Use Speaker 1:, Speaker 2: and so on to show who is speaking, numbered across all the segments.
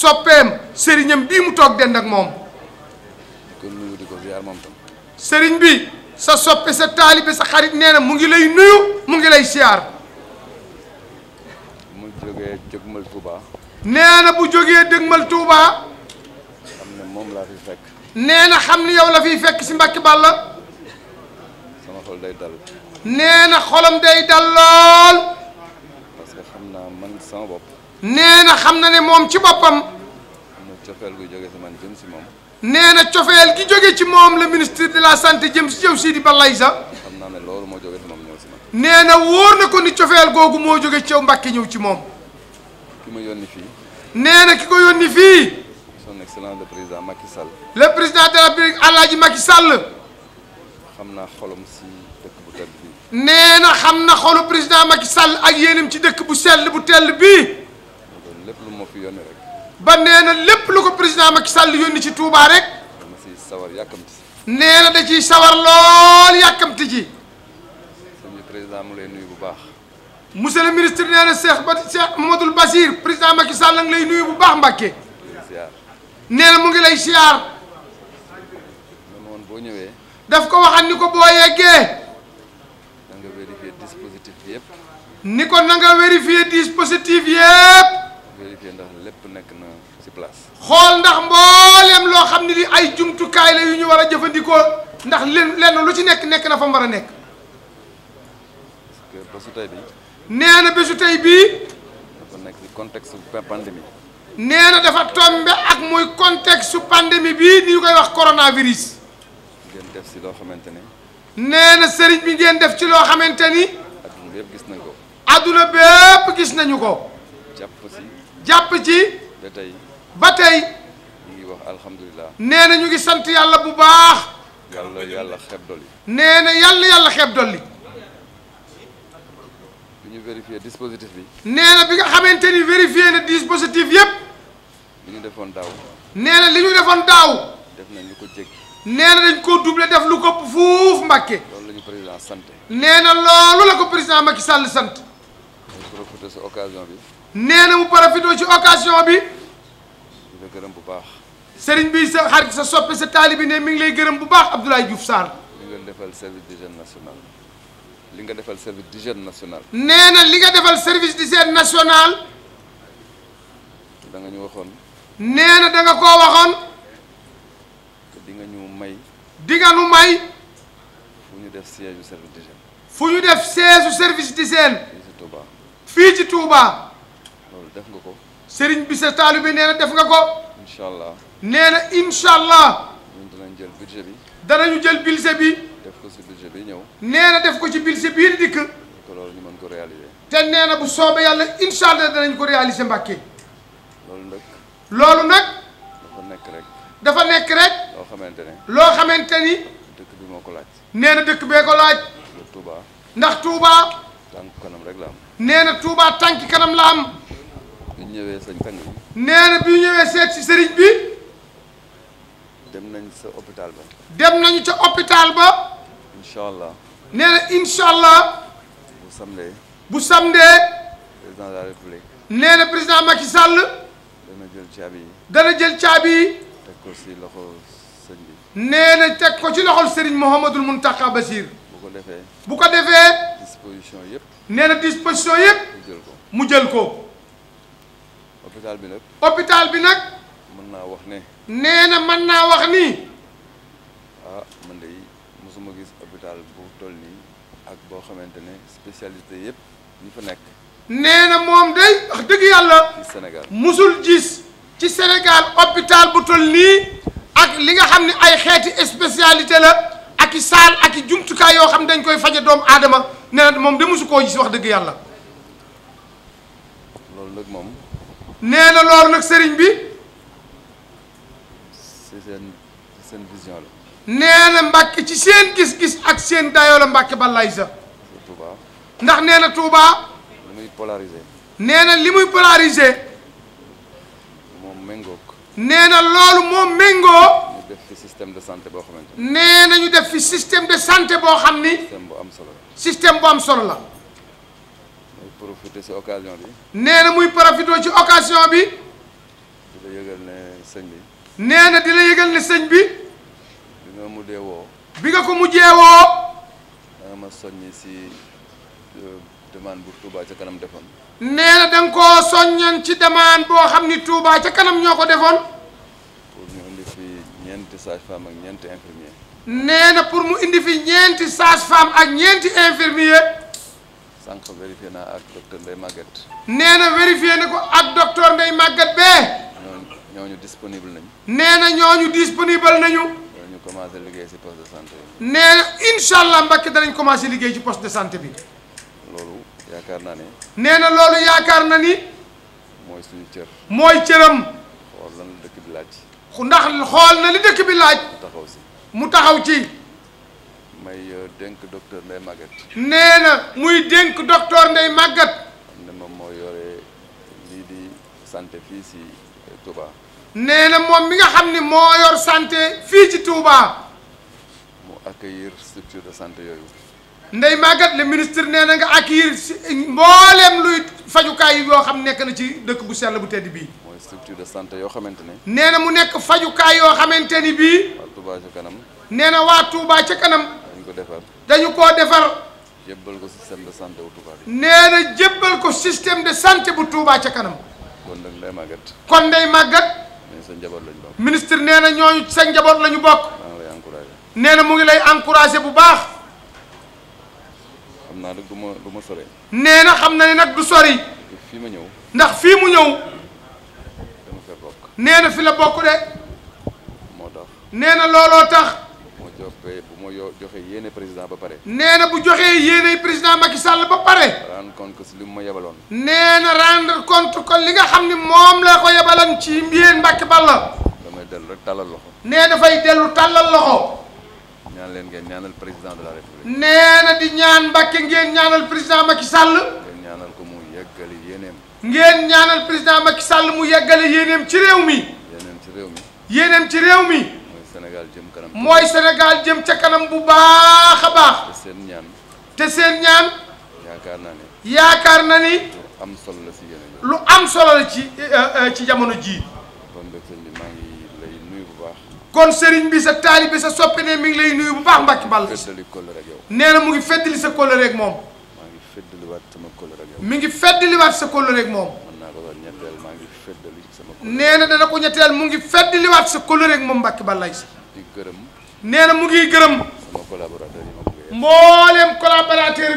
Speaker 1: soppeem sëriñam bii mu toog dend ak moom.
Speaker 2: kon ñu di ko ziar moom tam.
Speaker 1: sëriñ bi sa soppe sa taalibe sa xarit nee na mu ngi lay nuyu mu ngi lay ziar.
Speaker 2: mu jógee dëgmal Touba. nee na bu jógee dëgmal Touba. xam ne moom
Speaker 1: laa fi na xam ne yow la fiy fekk si Mbàkke Bàlla.
Speaker 2: sama xol day dal.
Speaker 1: nee na xolam day dal lool.
Speaker 2: parce que xam naa man sama bopp. nee na xam na ne moom ci boppam. cofeel gu jóge si man jëm si moom.
Speaker 1: nee na cofeel gi jóge ci moom la ministre de la santé jëm si jëw Sidi Balaysa.
Speaker 2: xam naa ne loolu moo jóge si moom
Speaker 1: ñëw na wóor ko ni cofeel googu moo jóge ci Mbàkke ñëw ci moom. ki ma yónni fii. nee na ki ko yónni fii.
Speaker 2: son excellence le président Macky Sall.
Speaker 1: le président de la République Alaaji Macky Sall.
Speaker 2: xam naa xolom si dëkk bu tedd bi.
Speaker 1: nee na xam na xolu président Macky Sall ak yéenam ci dëkk bu sell bu tell
Speaker 2: bii. lu ma
Speaker 1: ba nee na lépp lu ko président Macky Sall yónni ci Touba rek.
Speaker 2: sawar yàkkamti
Speaker 1: nee na da ciy sawar lool yàkkamti ji.
Speaker 2: sëñ président mu lay nuyu bu baax.
Speaker 1: monsieur le ministre nee na Cheikh ba Cheikh président Macky Sall lay nuyu bu baax Mbacke. nee na mu ngi lay siyaar.
Speaker 2: man woon boo ñëwee.
Speaker 1: daf ko waxan ni ko boo yeggee.
Speaker 2: na nga vérifier dispositif yëpp. ni ko na nga vérifier dispositif yëpp. vérifier lépp nekk na ci place. xool ndax mbooleem loo
Speaker 1: xam ne li ay jumtukaay la yu ñu war a jëfandikoo ndax lenn lenn lu ci nekk nekk na fa mu a nekk.
Speaker 2: parce que bésu tey bii.
Speaker 1: nee na bésu tey bii.
Speaker 2: dafa nekk ci contexte pandémie.
Speaker 1: nee na dafa tombe ak muy contexte su pandémie bii ni ñu koy wax coronavirus.
Speaker 2: ngeen def ci loo xamante ni.
Speaker 1: nee na sëriñ bi ngeen def ci loo xamante ni.
Speaker 2: adduna bépp gis nañ ko.
Speaker 1: adduna bépp gis nañu ko. jàpp ci. ba tey. ba tey.
Speaker 2: ñu ngi wax alhamdulilah.
Speaker 1: nee na ñu ngi sant yàlla bu baax.
Speaker 2: yàlla yàlla xeb dolli.
Speaker 1: nee na yàlla yàlla xeb
Speaker 2: dolli. bi ñu vérifié dispositif bi.
Speaker 1: nee na bi nga xamante ni vérifié na dispositif yëpp.
Speaker 2: li ñu defoon daaw. nee na li ñu defoon daaw. def nañ lu ko jéggi.
Speaker 1: nee na dañ koo doublé def lu ko fuuf Mbàkke.
Speaker 2: loolu la ñu président sant.
Speaker 1: nee na loolu la ko président Macky Sall sant.
Speaker 2: profité sa occasion bi.
Speaker 1: nee na mu profité ci occasion bi. gërëm bu baax. sëriñ bi sa xarit sa soppe sa taalibi ne mi ngi lay gërëm bu baax Abdoulaye Diouf Sarr.
Speaker 2: li nga defal service d'hygiène national. li nga defal service d'hygiène national.
Speaker 1: nee na li nga defal service d'hygiène national.
Speaker 2: da nga ñu waxoon. nee na da nga koo waxoon. di nga ñu may. di ñu may. fu ñu def siège service d'hygiène.
Speaker 1: fu ñu def siège service d'hygiène. fii ci Touba. fii ci Touba. def nga ko. sëriñ bi sa taalibe nee na def nga ko. incha allah nee na incha allah.
Speaker 2: ñun danañ jël budget bi.
Speaker 1: danañu jël budget bi.
Speaker 2: def ko si budget bi ñëw.
Speaker 1: nee na def ko ci budget bii dikk.
Speaker 2: ko loolu ñu ko réaliser.
Speaker 1: te nee na bu soobee yàlla incha allah danañ ko réaliser Mbàkke.
Speaker 2: loolu nag. nag. dafa nekk rek.
Speaker 1: dafa nekk rek.
Speaker 2: loo xamante ne. loo xamante ni. dëkk bi moo ko laaj.
Speaker 1: nee na dëkk bee ko laaj.
Speaker 2: ndax Touba. ndax Touba. tànk kanam rek la am.
Speaker 1: nee na Touba tànk kanam la am.
Speaker 2: ñëwee sëñ sang bi.
Speaker 1: nee na bi ñu seet si sëriñ bi.
Speaker 2: dem nañ sa hôpital ba.
Speaker 1: dem nañu ca hôpital ba. incha allah. nee na incha allah. bu samdee. bu samdee. président de la
Speaker 2: nee na président Macky Sall.
Speaker 1: dana jël caabi yi. dana jël caabi yi.
Speaker 2: teg ko si loxo
Speaker 1: sëñ bi. nee na teg ko ci loxol Serigne Mouhamadul Mountakha Bassir. bu ko defee. bu ko defee.
Speaker 2: disposition yëpp.
Speaker 1: nee na disposition yëpp. mu jël ko. mu jël ko.
Speaker 2: hôpital bi nag. hôpital bi nag. mën naa wax ne.
Speaker 1: nee na mën naa wax ni.
Speaker 2: ah man gis hôpital bu toll nii ak boo xamante ne spécialité yëpp ñi fa nekk.
Speaker 1: nee na moom day wax dëgg yàlla. ci Sénégal mosul gis ci Sénégal hôpital bu toll nii ak li nga xam ne ay xeeti spécialité la. ak i saal ak i jumtukaay yoo xam dañ koy faje doomu aadama nee na moom de mosu koo gis wax dëgg yàlla. loolu nag moom. nee na loolu nag sëriñ bi.
Speaker 2: ci seen vision la.
Speaker 1: nee na Mbàkke ci seen gis-gis ak seen dayoo la Mbàkke Balaye sa ndax nee na Touba.
Speaker 2: li muy polarisé.
Speaker 1: nee na li muy polarisé. moom méngóog. nee na loolu moom méngoo.
Speaker 2: ñu système de santé boo xamante
Speaker 1: nee na ñu def fi système de sante boo xam ni. système bu am solo la. système bu am solo la.
Speaker 2: profité si occasion bi.
Speaker 1: nee na muy profité ci occasion bi. di
Speaker 2: la yëgal ne sëñ bi.
Speaker 1: nee na di la yëgal
Speaker 2: ne sëñ bi. bi nga mujjee woo. bi nga ko mujjee woo. danga ma soññi si euh, demande bu Touba ca kanam defoon.
Speaker 1: nee na da nga ci demande boo xam ni Touba ca kanam ñoo ko defoon.
Speaker 2: pour ñu indi fi ñeenti sage-femme ak ñeenti infirmier.
Speaker 1: nee pour mu indi fi ñeenti sage-femme ak ñeenti
Speaker 2: infirmier. sànq vérifié naa ak docteur Ndeye Maguette.
Speaker 1: nee na vérifié na ko ak docteur Ndeye Maguette
Speaker 2: bee. ñooñu ñooñu disponible nañu.
Speaker 1: nee na ñooñu disponible nañu.
Speaker 2: ñooñu commencé liggéey ci poste
Speaker 1: na incha allah commencé liggéey ci poste de santé bi.
Speaker 2: loolu yaakaar naa ne.
Speaker 1: nee na loolu yaakaar na ni.
Speaker 2: mooy suñu cër. mooy cëram. xool lan dëkk bi laaj. ndax xool na li dëkk bi laaj. mu mu taxaw ci. may euh, dénk docteur Ndeye Maguette.
Speaker 1: nee na muy dénk docteur Ndeye Maguette.
Speaker 2: xam moom moo yore santé fii si euh, Touba. nee na moom mi nga xam ne
Speaker 1: moo yor santé fii ci Touba.
Speaker 2: mu accueillir structure de santé yooyu.
Speaker 1: Ndeye Maguette le ministre nee na nga accueillir mbooleem luy fajukaay yoo xam nekk na ci dëkk bu sell bu tedd bii.
Speaker 2: mooy structure de santé yoo xamante ne.
Speaker 1: nee na mu nekk fajukaay yoo xamante ni
Speaker 2: bii. waa Touba ca kanam.
Speaker 1: nee na waa Touba ca kanam.
Speaker 2: ko defar. dañu koo defar. jébbal ko système de santé bu
Speaker 1: Touba. ko système de santé bu Touba ca kanam.
Speaker 2: kon nag Ndeye kon day Maguette. sa njaboot
Speaker 1: ministre nee na ñooñu sa njaboot lañu bokk. nee na mu ngi lay encouragé bu baax.
Speaker 2: xam naa nag du ma du ma sori.
Speaker 1: nee na xam na ne nag du sori. fii ma ñëw. ndax fii mu ñëw. dama nee na fi la bokk de. moo nee na looloo tax.
Speaker 2: bu ma yo joxee yéene président ba pare. nee bu joxee yéene président Macky Sall ba pare. rendre
Speaker 1: nee na rendre compte que li nga xam ni moom la ko yebaloon ci mbiyeen Mbacke Balla.
Speaker 2: damay dellu rek tàllal loxo.
Speaker 1: nee dafay dellu
Speaker 2: président de
Speaker 1: na di ñaan Mbacke ngeen ñaanal président Macky Sall. ngeen
Speaker 2: ko mu yeggali
Speaker 1: ñaanal président Macky Sall mu yeggali yéeneem ci réew mi.
Speaker 2: yéeneem ci réew mi.
Speaker 1: yéeneem ci réew mi.
Speaker 2: jëm kanam. mooy
Speaker 1: Sénégal jëm ca kanam bu baax a baax. te seen ñaan. te seen ñaan.
Speaker 2: yaakaar naa ne. yaakaar na ni. lu am solo la
Speaker 1: lu am solo la ci eh, eh, ci jamono jii. kon nag bi maa ngi bi sa taalibe soppi ne mi ngi lay nuyu bu baax Mbacke Ball. feddali kóllëre ak yow. nee mu ngi feddali sa kóllëre ak moom. maa
Speaker 2: ngi feddaliwaat sama kóllëre ak
Speaker 1: mi ngi feddaliwaat sa kóllëre ak moom. nee na dana ko ñetteel mu ngi fedd liwaat sa kóllëre ak moom Mbacke
Speaker 2: Balaye si di nee na mu ngi gërëm. sama collaborateur yi
Speaker 1: ma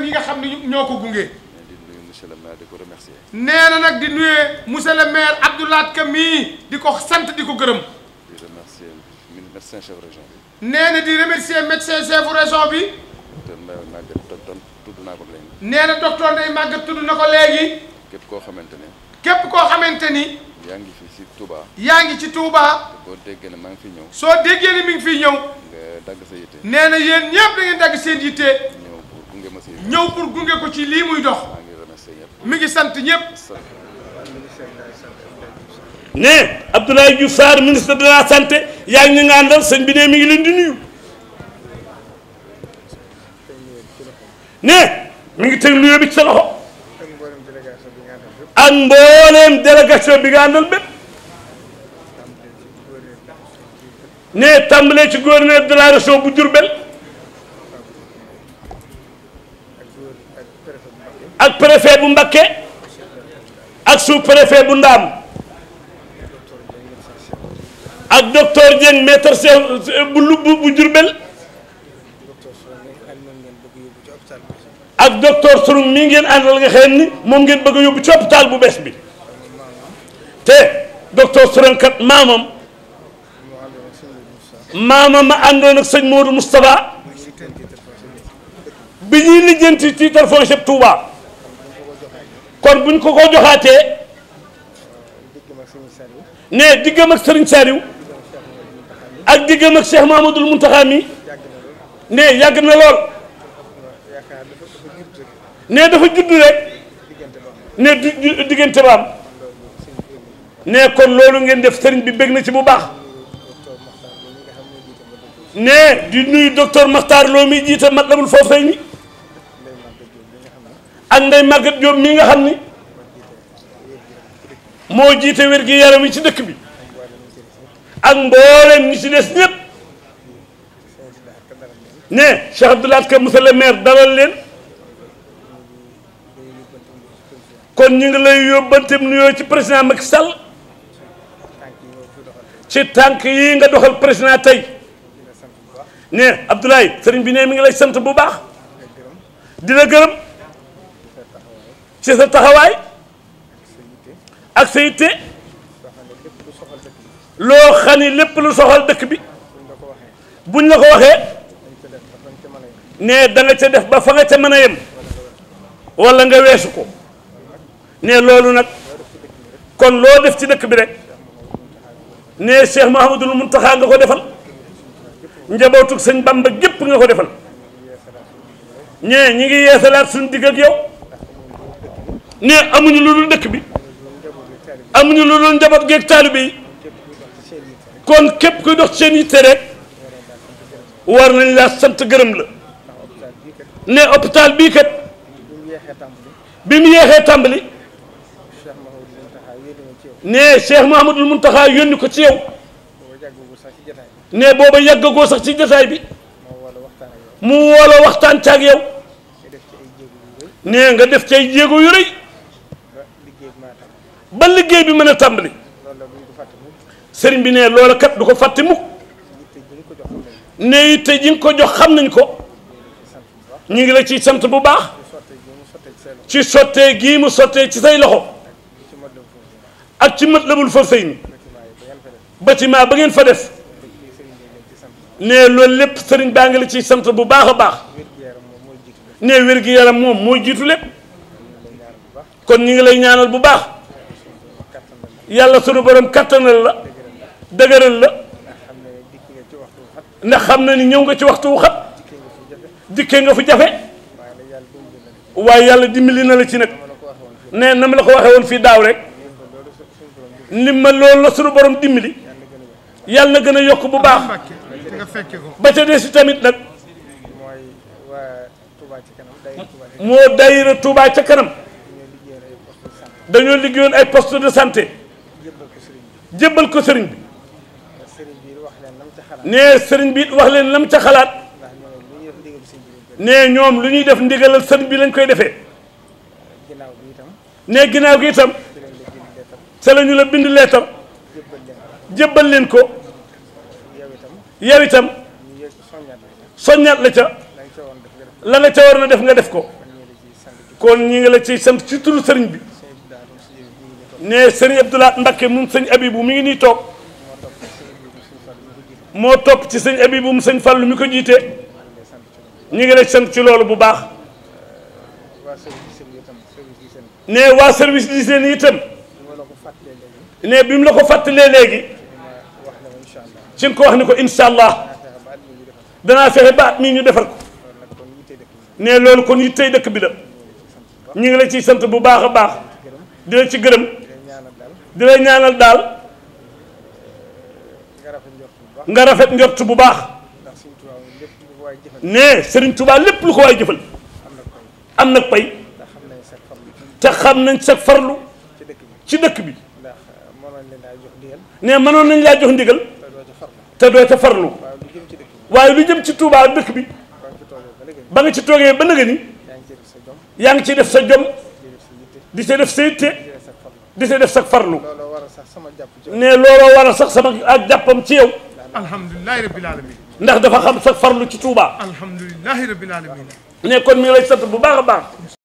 Speaker 1: nga xam ne ñoo ko gunge. di nuyu na nag di nuyu monsieur le maire Abdoulaye Kami di ko sant di ko gërëm.
Speaker 2: di remercier médecin chef région bi.
Speaker 1: nee na di remercier médecin chef région bi.
Speaker 2: docteur Mbaye nee na docteur Ndeye
Speaker 1: Maguette tudd na ko léegi.
Speaker 2: képp koo xamante ni.
Speaker 1: képp koo xamante ni.
Speaker 2: yaa ngi
Speaker 1: yaa ngi ci Touba.
Speaker 2: boo déggee ne maa ngi fi ñëw. soo
Speaker 1: déggee ne mi ngi fii ñëw. nga dagg sa yitte. nee na yéen ñëpp da dagg seen yitte. ñëw pour
Speaker 3: gunge ma si. ñëw gunge ko ci lii muy dox. maa ngi mi ngi sant ñëpp. ne Abdoulaye Diouf Sarr ministre de la yaa ngi ñu nga àndal sëñ bi ne mi ngi leen di nuyu. ne ngi teg nuyoo bi ci loxo. ak mbooleem délégation bi nga àndal bépp ne ci gouverneur de la bu Diourbel ak préfet bu Mbacké ak sous préfet bu Ndaam ak docteur Dieng maître chef bu Lubb ak docteur Sourang mii ngeen àndal la xam ni ngeen bëgg a yóbbu ci hôpital bu bees bi te docteur Sourang kat maamam maamam ma àndoon ak sëñ Modou Moustapha bi ñuy lijjanti titre foncier Touba kon buñ ko ko joxaatee ne diggam ak Serigne Saliou ak diggam ak Cheikh Mamadou Mountakha mi ne yàgg na lool. ne dafa judd rek ne du diggante ba ne kon loolu ngeen def sëriñ bi bég na ci bu baax ne di nuyu docteur Makhtar Lo mi jiite Matlabul Fawzayni ak Ndeye Maguette Diop mi nga xam ni moo jiite wér gi yaram yi ci dëkk bi ak mboolem ñi ci des ñëpp ne Cheikh Abdoulaye Ka monsieur le dalal leen. kon ñu ngi lay yóbbanteem yooyu ci président mag Sall ci tànk yi nga doxal président tey ne Abdoulaye sëriñ bi ne mi ngi lay sant bu baax dina la gërëm ci sa taxawaay ak sa yitte loo xam lépp lu soxal dëkk bi buñ la ko waxee ne da nga ca def ba fa nga ca mën a yem wala nga weesu ko. ne loolu nag kon loo def ci dëkk bi rek ne Cheikh Mahamadul Muntaxa nga ko defal njabootug sëñ Bamba gépp nga ko defal ñee ñi ngi yeesalaat suñ digg ak yow ne amuñu lu dul dëkk bi amuñu lu dul njaboot geeg taalibe yi kon képp kuy dox seen yitte rek war nañ laa sant gërëm la ne hôpital bii kat bi mu yeexee tàmbali ne Cheikh mun Mountakha yónni ko ci yow. ne booba yàggagoo sax ci jotaay bi. mu woola waxtaan ci ak yow. ne nga def ci ay jéego yu rëy. ba liggéey bi mën a tàmbali. sëriñ bi ne loola kat du ko fàtte mukk. ne itte ji nga ko jox xam nañ ko. ñu ngi la ciy sant bu baax. ci sottee gii mu sottee ci say loxo. ak ci Matlabul Fawzayni bâtiment ba ngeen fa def ne loolu lépp sëriñ baa ngi la ciy sant bu baax a baax ne wér-gi-yaram moom mooy jiitu lépp kon ñu ngi lay ñaanal bu baax yàlla sunu borom kattanal la dëgëral la ndax xam na ni ñëw nga ci waxtu wu xat dikkee nga fu jafe waaye yàlla dimbali na la ci nag nee na ma la ko waxee woon fii daaw rek. ndimmal loolu la sunu borom dimbali yàlla na gën a yokk bu baax ba ca des tamit nag moo dayira Touba ca kanam dañoo liggéeyoon ay poste de santé jébbal ko sëriñ bi nee sëriñ bi wax leen lam ca xalaat nee ñoom lu ñuy def ndigalal sëriñ bi lañ koy defee nee ginnaaw gi itam. sa la ñu la bind leetar jébbal leen ko yow itam soññaat la ca la nga ca war na def nga def ko kon ñu ngi la ci sant ci turu sëriñ bi ne sëriñ Abdoulaat Mbakke moom sëñ Abibu mi ngi nii toog moo topp ci sëñ Abibu mu sëñ Fàllu mi ko jiite ñu ngi lay sant ci loolu bu baax ne waa service di seen itam nee bi mu la ko fàttalee léegi ci nga ko wax ni ko incha allah danaa fexe baat mii ñu defar ko ne loolu kon yittey dëkk bi la ñu ngi la ciy sant bu baax a baax di la ci gërëm di la ñaanal daal nga rafet njort bu baax ne Serigne Touba lépp lu ko waay jëfal am nag pay te xam nañ sag farlu ci dëkk bi. ne mënoon nañ laa jox ndigal te doo ca farlu waaye lu jëm ci Touba dëkk bi ba nga ci toogee ba nëgë ni yaa ngi ci def sa jom di ci def sa yitte di ci def sa farlu ne looloo waral sax sama ak jàppam ci yow
Speaker 1: alhamdulilahi
Speaker 3: rabbil alamin ndax dafa xam sa farlu ci Touba
Speaker 1: alhamdulilahi rabbil alamin
Speaker 3: ne kon mi ngi lay sant bu baax a baax